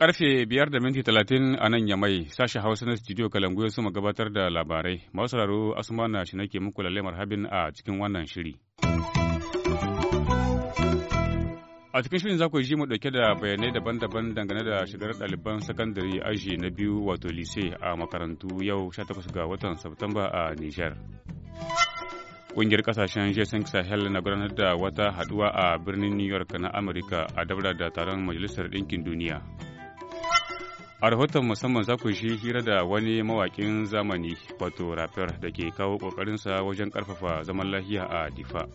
Karfe biyar da minti talatin a nan ya mai sashen Hausa na studio Kalangu ya gabatar da labarai. Masu sauraro Asuma na shi nake muku lalle marhabin a cikin wannan shiri. A cikin shirin za ku ji mu dauke da bayanai daban-daban dangane da shigar ɗaliban sakandare aji na biyu wato lise a makarantu yau 18 ga watan Satumba a Nijar. Ƙungiyar ƙasashen G5 Sahel na gudanar da wata haduwa a birnin New York na Amurka a dabara da taron Majalisar Ɗinkin Duniya. A rahoton musamman za ku shi hira da wani mawaƙin zamani wato rapper da ke kawo ƙoƙarinsa wajen ƙarfafa zaman lafiya a Difa.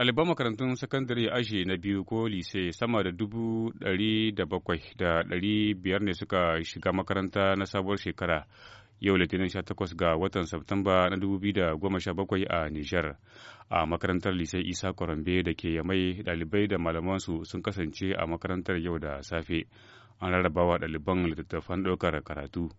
ɗaliban makarantun sakandare ashe na biyu ko lise sama da dubu ɗari da bakwai da ɗari biyar ne suka shiga makaranta na sabuwar shekara yau litinin takwas ga watan Satumba na bakwai a Nijar. A makarantar lise Isa Kwarambe da ke Yamai ɗalibai da malamansu sun kasance a makarantar yau da safe. An rarrabawa ɗaliban littattafan ɗaukar karatu.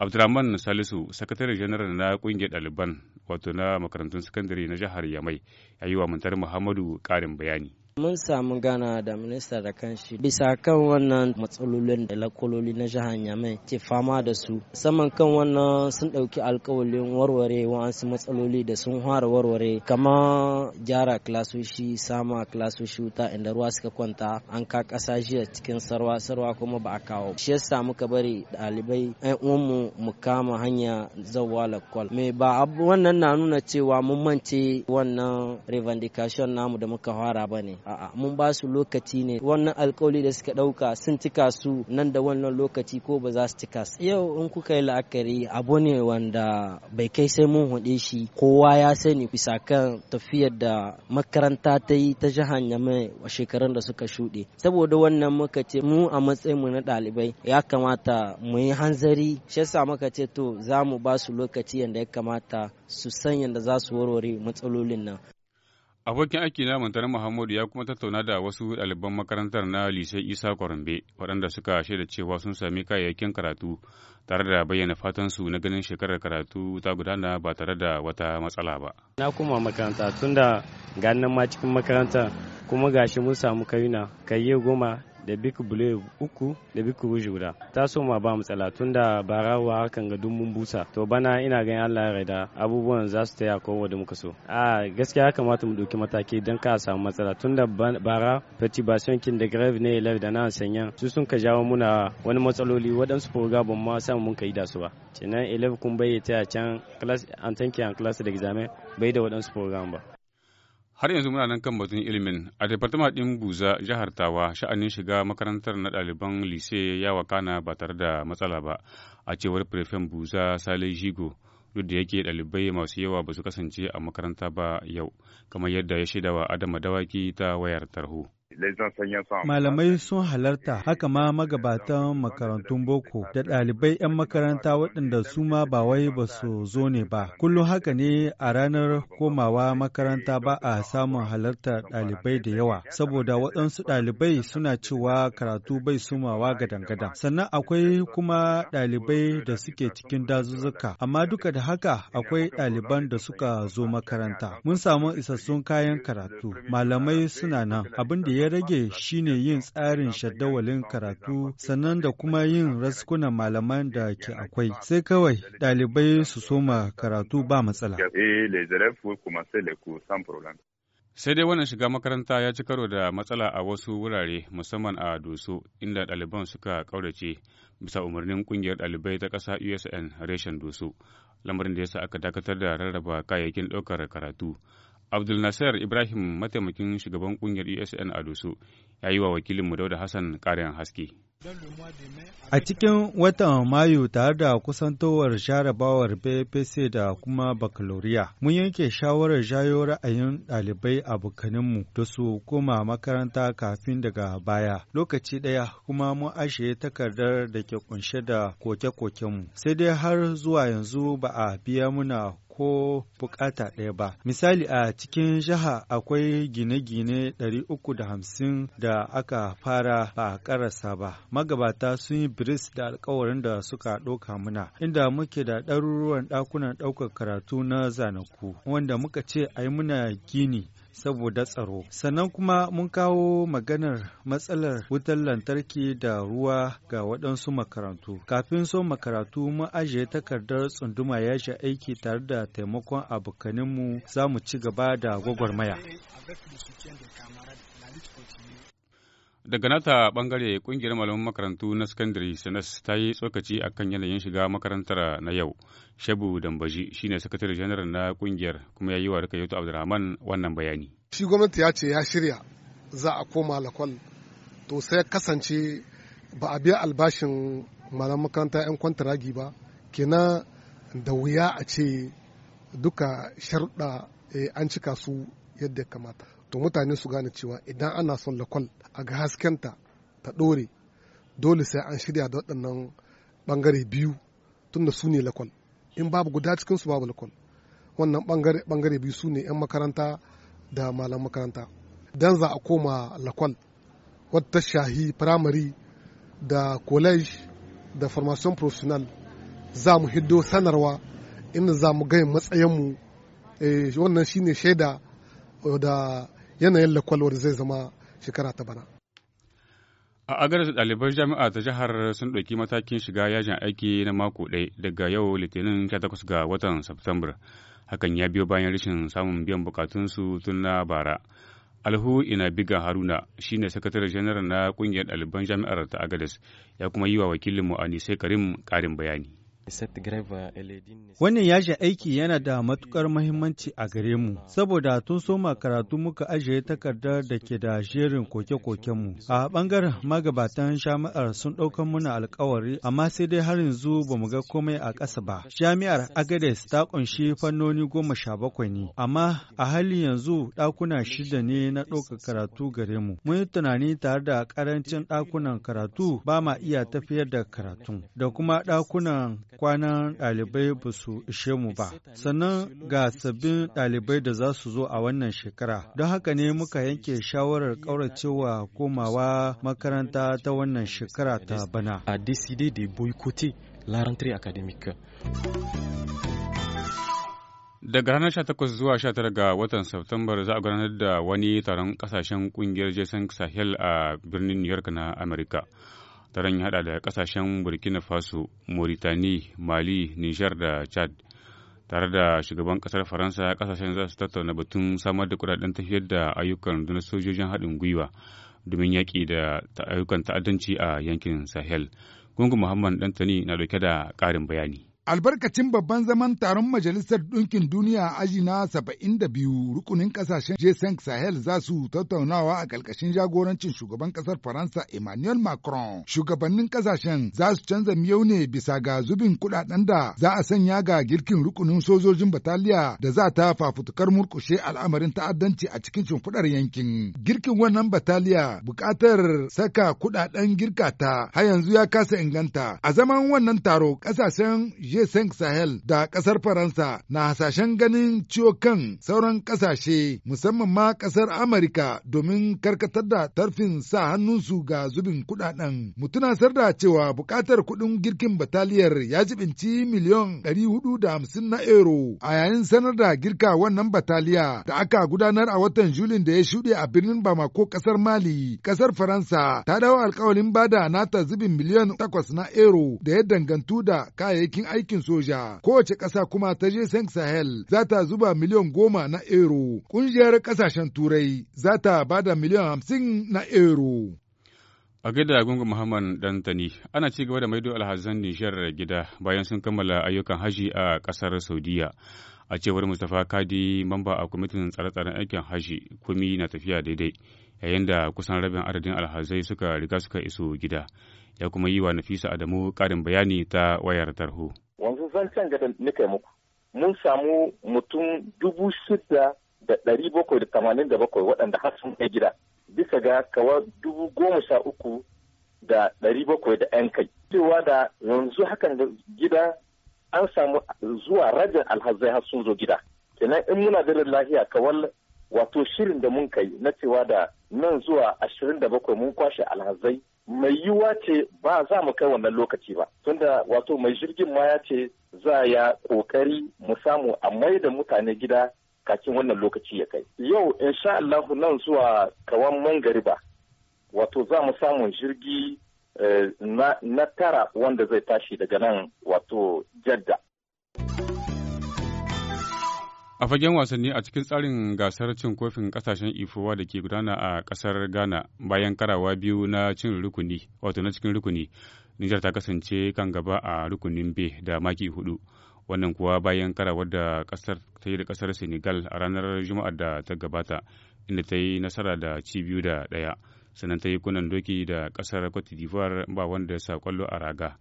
Abdulrahman Salisu, sakataren janaral na kungiyar ɗaliban wato na makarantun sakandare na jihar Yamai, ya yi wa Muntar Muhammadu ƙarin bayani. Mun samu gana da minista da kanshi bisa kan wannan matsalolin da lakololi na jihar Yamai ke fama da su. Saman kan wannan sun ɗauki alkawalin warware wa'ansu matsaloli da sun fara warware kama gyara klasoshi sama klasoshi wuta inda ruwa suka kwanta an ka kasa jiya cikin sarwa sarwa kuma ba a kawo. Shi yasa muka bari ɗalibai 'yan uwanmu mu kama hanya wala lakwal. Me ba wannan na nuna cewa mun mance wannan revendication namu da muka fara ba ne. a'a mun ba su lokaci ne wannan alkawali da suka dauka sun cika su nan da wannan lokaci ko ba za su cika su yau in kuka yi la'akari abu ne wanda bai kai sai mun hude shi kowa ya sani bisa kan tafiyar da makaranta ta yi ta jihar Yamai a shekarun da suka shuɗe saboda wannan muka ce mu a matsayin mu na ɗalibai ya kamata mu yi hanzari shi yasa muka ce to za mu ba su lokaci yadda ya kamata su san yadda za su warware matsalolin nan Abokin aiki na Mantana Muhammadu ya kuma tattauna da wasu ɗaliban makarantar na lise Isa Kwarambe waɗanda suka shaida cewa sun sami kayayyakin karatu tare da bayyana su na ganin shekarar karatu ta gudana ba tare da wata matsala ba. Na kuma makaranta tun da ganin ma cikin makarantar kuma gashi mun samu kayuna kayi goma da big blue uku da big rouge guda ta so ma ba matsala tunda barawa hakan ga dumbun busa to bana ina ganin Allah ya raida abubuwan za su taya kowa da muka so a gaskiya ya kamata mu dauki mataki don ka samu matsala tunda bara perturbation kin da grave ne lar da na sanyan su sun ka jawo muna wani matsaloli waɗansu program ma samu mun kai da su ba cinan 11 kun bayyana ta can class an tanki an class da examen bai da waɗansu program ba har yanzu muna nan kan batun ilimin a departama ɗin buza jihar tawa sha'anin shiga makarantar na ɗaliban lise ya wakana ba tare da matsala ba a cewar prefen buza sale jigo duk da yake ɗalibai masu yawa ba su kasance a makaranta ba yau kamar yadda ya shaidawa adama dawaki ta wayar tarho. Malamai sun halarta haka ma magabatan makarantun boko da ɗalibai 'yan makaranta waɗanda su ma ba wai ba su zo ne ba. Kullum haka ne a ranar komawa makaranta ba a samun halarta ɗalibai da yawa, saboda waɗansu ɗalibai suna cewa karatu bai sumawa gadan-gadan. Sannan akwai kuma ɗalibai da suke cikin dazuzzuka, amma duka da haka akwai ɗaliban da suka zo makaranta. Mun samu isassun kayan karatu, malamai suna nan abin da ya rage shine yin tsarin shadawalin karatu sannan da kuma yin raskunan malaman da ke akwai. Sai kawai ɗalibai su soma karatu ba matsala. Sai dai wannan shiga makaranta ya ci karo da matsala a wasu wurare musamman a Doso inda ɗaliban suka ƙaurace bisa umarnin ƙungiyar ɗalibai ta ƙasa USN reshen Doso, lamarin da ya sa aka dakatar da rarraba kayayyakin ɗaukar karatu. Abdulnasir Ibrahim mataimakin shugaban kungiyar ESN a dusu. ya yi wa wakilinmu Dauda Hassan ƙarin haske. A cikin watan Mayu tare da kusantowar jarabawar BPC da kuma bakaloriya, mun yanke shawarar jayo ra'ayin ɗalibai abokaninmu da su koma makaranta kafin daga baya. Lokaci ɗaya kuma mun ashe takardar da ke kunshe da koke-kokenmu. Sai dai har zuwa yanzu ba a biya muna ko bukata ɗaya ba. Misali a cikin jiha akwai gine-gine 350 da da aka fara ba a karasa ba. Magabata sun yi biris da alkawarin da suka ɗauka muna, inda muke da ɗaruruwan ɗakunan ɗaukar karatu na zanaku, wanda muka ce a yi muna gini saboda tsaro. Sannan kuma mun kawo maganar matsalar wutar lantarki da ruwa ga waɗansu makarantu. Kafin so makarantu mun ajiye takardar tsunduma ya shi aiki tare da taimakon abokaninmu za mu ci gaba da gwagwarmaya. Daga nata bangare kungiyar malaman makarantu na sakandare sanas ta yi tsokaci a kan yanayin shiga makarantar na yau. Shabu Dambaji shine sakatare janar na kungiyar kuma ya yi wa Rikayoto Abdulrahman wannan bayani. Shi gwamnati ya ce ya shirya za a koma lakwal to sai kasance ba a biya albashin malaman makaranta 'yan kwantaragi ba kenan da wuya a ce duka sharuɗa eh, an cika su yadda kamata. to mutane su gane cewa idan ana son lakwal a ga haskenta ta ɗore dole sai an shirya da waɗannan ɓangare biyu tunda su ne lakwal in babu guda cikin su babu lakwal wannan ɓangare biyu su ne 'yan makaranta da malam makaranta dan za a koma lakwal wata shahi firamare da college da formation professional za mu hiddo sanarwa inda za mu gaya matsayinmu eh, wannan shine shaida eh, da yanayin lakwalwar zai zama shekara ta bana. A agar ɗaliban jami'a ta jihar sun ɗauki matakin shiga yajin aiki na mako ɗaya daga yau litinin 18 ga watan Satumbar. Hakan ya biyo bayan rashin samun biyan bukatunsu tun na bara. Alhu ina biga Haruna shi ne sakatare janar na ƙungiyar ɗaliban jami'ar ta Agadas ya kuma yi wa wakilinmu Nisai Karim ƙarin bayani. Wannan yashin aiki yana da matukar mahimmanci a gare mu, saboda tun soma karatu muka ajiye takardar da ke da shirin koke-kokenmu. A ɓangaren magabatan jami'ar sun ɗaukan muna alkawari, amma sai dai har yanzu ba mu ga komai a ƙasa ba. Jami'ar Agades ta ƙunshi fannoni goma sha bakwai ne, amma a halin yanzu ɗakuna shida ne na ɗaukar karatu gare mu. Mun yi tunani tare da ƙarancin ɗakunan karatu ba ma iya tafiyar da karatu, da kuma ɗakunan kwanan ɗalibai ba su ishe mu ba. Sannan ga sabbin ɗalibai da za su zo a wannan shekara. Don haka ne muka yanke shawarar ƙauracewa komawa makaranta ta wannan shekara ta bana. A décidé de boycotter la rentrée Daga ranar 18 zuwa 19 ga watan Satumbar za a gudanar da wani taron kasashen kungiyar Jason Sahel a birnin New York na Amurka. taron ya hada da kasashen burkina faso mauritani mali nijar da chad tare da shugaban kasar faransa kasashen za su tattauna batun samar da kudaden tafiyar da ayyukan rundunar sojojin haɗin gwiwa domin yaƙi da ayyukan ta'addanci a yankin sahel gungun muhammad dantani na dauke da ƙarin bayani Albarkacin babban zaman taron Majalisar Ɗinkin Duniya aji na 72 rukunin ƙasashen g saint Sahel za su tattaunawa a ƙarƙashin jagorancin shugaban ƙasar Faransa Emmanuel Macron. Shugabannin ƙasashen za su canza miyau ne bisa ga zubin kuɗaɗen da za a sanya ga girkin rukunin sojojin bataliya da za ta fafutukar murƙushe al'amarin ta'addanci a cikin shimfiɗar yankin. Girkin wannan bataliya buƙatar saka kuɗaɗen girka ta har yanzu ya kasa inganta. A zaman wannan taro ƙasashen g Sahel da ƙasar Faransa na hasashen ganin ciwo kan sauran ƙasashe musamman ma ƙasar Amurka domin karkatar da tarfin sa hannunsu ga zubin kuɗaɗen. Mu tunasar da cewa buƙatar kuɗin girkin bataliyar ya jibinci miliyon 450 na euro a yayin sanar da girka wannan bataliya da aka gudanar a watan Julin da ya shuɗe a birnin Bamako ƙasar Mali. Ƙasar Faransa ta dawo alƙawarin bada nata zubin miliyon 8 na euro da ya dangantu da kayayyakin aiki aikin soja. Kowace ƙasa kuma ta je Sahel za ta zuba miliyan goma na euro. Ƙungiyar ƙasashen Turai za ta ba da miliyan hamsin na euro. A gida gungun Muhammad Dantani ana ci gaba da maido alhazan Nijar gida bayan sun kammala ayyukan haji a kasar Saudiya. A cewar Mustapha Kadi mamba a kwamitin tsare-tsaren aikin haji kumi na tafiya daidai yayin da kusan rabin adadin alhazai suka riga suka iso gida. Ya kuma yi wa Nafisa Adamu karin bayani ta wayar tarho. wanzu zancen ga da nika muku mun samu mutum dubu shida da ɗari bakwai da tamanin da bakwai waɗanda har sun kai gida bisa ga kawa dubu goma sha uku da ɗari bakwai da ‘yan kai. Cewa da yanzu hakan da gida an samu zuwa rajin alhazai har sun zo gida. Kenan in muna da lahiya kawal wato shirin da mun kai na cewa da nan zuwa ashirin da bakwai mun kwashe alhazai mai yiwuwa ce ba za mu kai wannan lokaci ba tunda wato mai jirgin ma ya ce za ya kokari mu samu a mai da mutane gida kakin wannan lokaci ya kai yau insha Allah nan zuwa kawan mangariba wato za mu samu jirgi eh, na tara wanda zai tashi daga nan wato jadda A fagen wasanni a cikin tsarin gasar cin kofin kasashen ifowa da ke gudana a kasar Ghana bayan karawa biyu na cin rukuni, wato na cikin rukuni, Nijar ta kasance kan gaba a rukunin B da maki hudu. Wannan kuwa bayan karawar da kasar ta yi da kasar Senegal a ranar Juma'ar da ta gabata, inda ta yi nasara da ci biyu da ɗaya. Sannan ta yi kunan doki da kasar Cote d'Ivoire ba wanda ya sa kwallo a raga.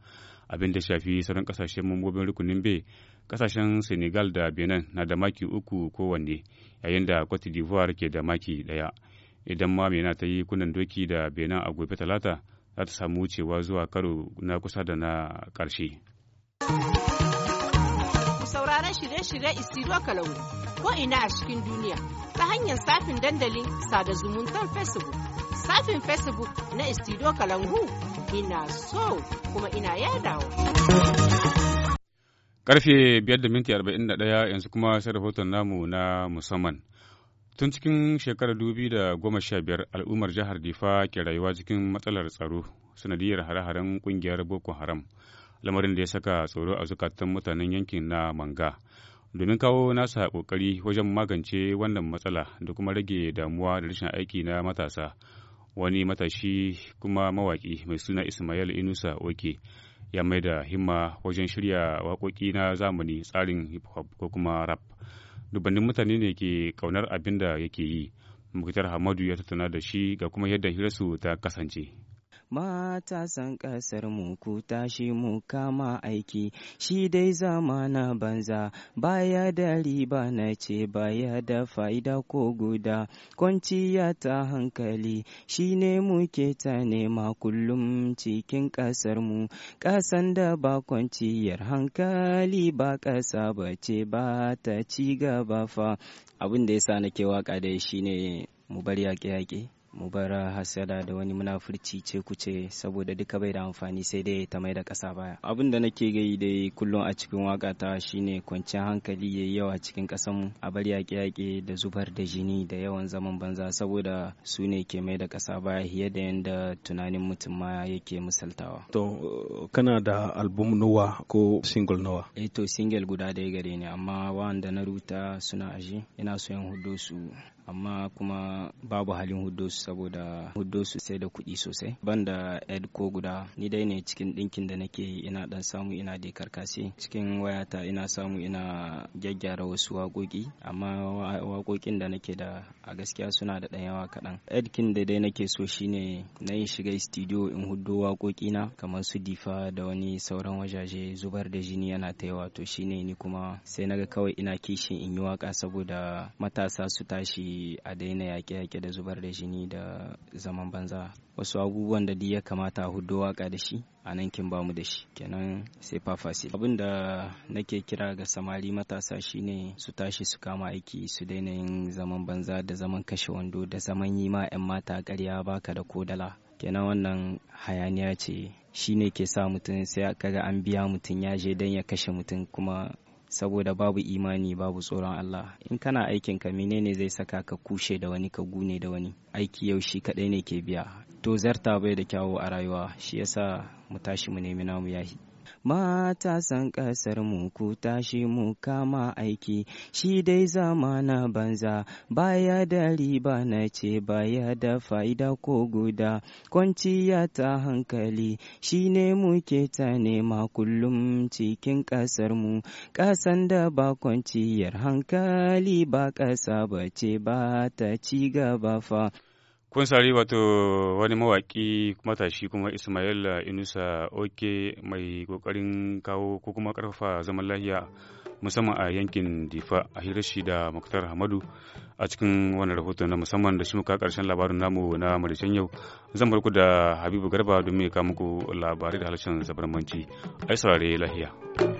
abin da shafi sauran kasashen mambobin rukunin bai kasashen senegal da benin na da maki uku kowanne yayin da cote d'ivoire ke da maki daya idan ma mena ta yi kunan doki da benin a gobe talata za ta samu wucewa zuwa karo na kusa da na karshe sauraron shirye-shirye isiro kalangu ko ina a cikin duniya ta hanyar safin dandalin sada zumuntar facebook shafin facebook na istido kalangu ina so kuma ina yadawa karfe 5.41 yanzu kuma sai rahoton namu na musamman tun cikin shekarar 2015 al'ummar jihar difa ke rayuwa cikin matsalar tsaro sanadiyar hare-haren kungiyar boko haram lamarin da ya saka tsoro a zukatan mutanen yankin na manga domin kawo nasa kokari wajen magance wannan matsala da kuma rage damuwa da rashin aiki na matasa wani matashi kuma mawaƙi mai suna Ismail Inusa Oke ya mai da himma wajen shirya waƙoƙi na zamani tsarin hip hop ko kuma rap. Dubannin mutane ne ke ƙaunar abin da yake yi. Muktar Hamadu ya tattauna da shi ga kuma yadda hirarsu ta kasance. matasan ƙasar mu ku tashi mu kama aiki shi dai zamana banza baya da riba na ce baya da fa'ida ko guda kwanciya ta hankali shi ne ke ta nema kullum cikin ƙasar mu ƙasan da ba kwanciyar hankali ba ƙasa ba ce ba ta ci gaba fa abin da ya sa na ke waka dai shine mu bari yaƙe-yaƙe mu bar hasada da wani munafurci ce ku ce saboda duka bai da amfani sai dai ta mai da ƙasa baya abin da nake gai dai kullum a cikin waka ta shine kwanciyar hankali yayi yawa cikin ƙasar mu a bar yaƙe yaƙe da zubar da jini da yawan zaman banza saboda su ne ke mai da ƙasa baya fiye da yanda tunanin mutum ma yake misaltawa to kana da album Nowa ko single Nowa? eh to single guda ɗaya gare ni amma wanda na ruta suna aji ina so in hudo su amma kuma babu halin huddo saboda huddo su sai da kuɗi sosai ban da ed ko guda ni dai ne cikin ɗinkin da nake ina dan samu ina da karkasi cikin wayata ina samu ina gyaggyara wasu waƙoƙi amma waƙoƙin da nake da a gaskiya suna da ɗan yawa kaɗan edkin da dai nake so shine na yi shiga studio in huddo waƙoƙina kamar su difa da wani sauran wajaje zubar da jini yana ta yawa to shine ni kuma sai naga kawai ina kishin in yi waƙa saboda matasa su tashi a daina yaƙe-yaƙe da zubar da jini da zaman banza wasu abubuwan da ya kamata a hudu waka da shi a nan kin bamu da shi kenan sai fafasi abin da nake kira ga samari matasa shine su tashi su kama aiki su daina yin zaman banza da zaman kashe wando da zaman yi ma 'yan mata ƙarya baka da kodala kenan wannan hayaniya ce shine ne ke sa mutum sai kaga an biya mutum ya je don ya kashe mutum kuma saboda babu imani babu tsoron Allah in kana aikin ka menene zai saka ka kushe da wani ka gune da wani aiki yau shi kadai ne ke biya to zarta bai da kyawu a rayuwa shi yasa mu tashi mu nemi namu yahi matasan ƙasar mu ku tashi mu kama aiki shi dai zamana banza baya da riba na ce baya da fa'ida ko guda kwanciya ta hankali shi ne muke ta nema kullum cikin ƙasar mu ƙasan da ba kwanciyar hankali ba ƙasa ba ce ba ta ci gaba fa kun sari wato wani mawaƙi matashi kuma ismail inusa oke mai ƙoƙarin kawo ko kuma ƙarfafa zaman lahiya musamman a yankin difa a hirashi da muktar hamadu a cikin wani rahoton na musamman da shi muka ƙarshen labarin namu na maricen yau zan barku da habibu garba domin ya muku labarai da halashen zabarmanci ai saurare lahiya.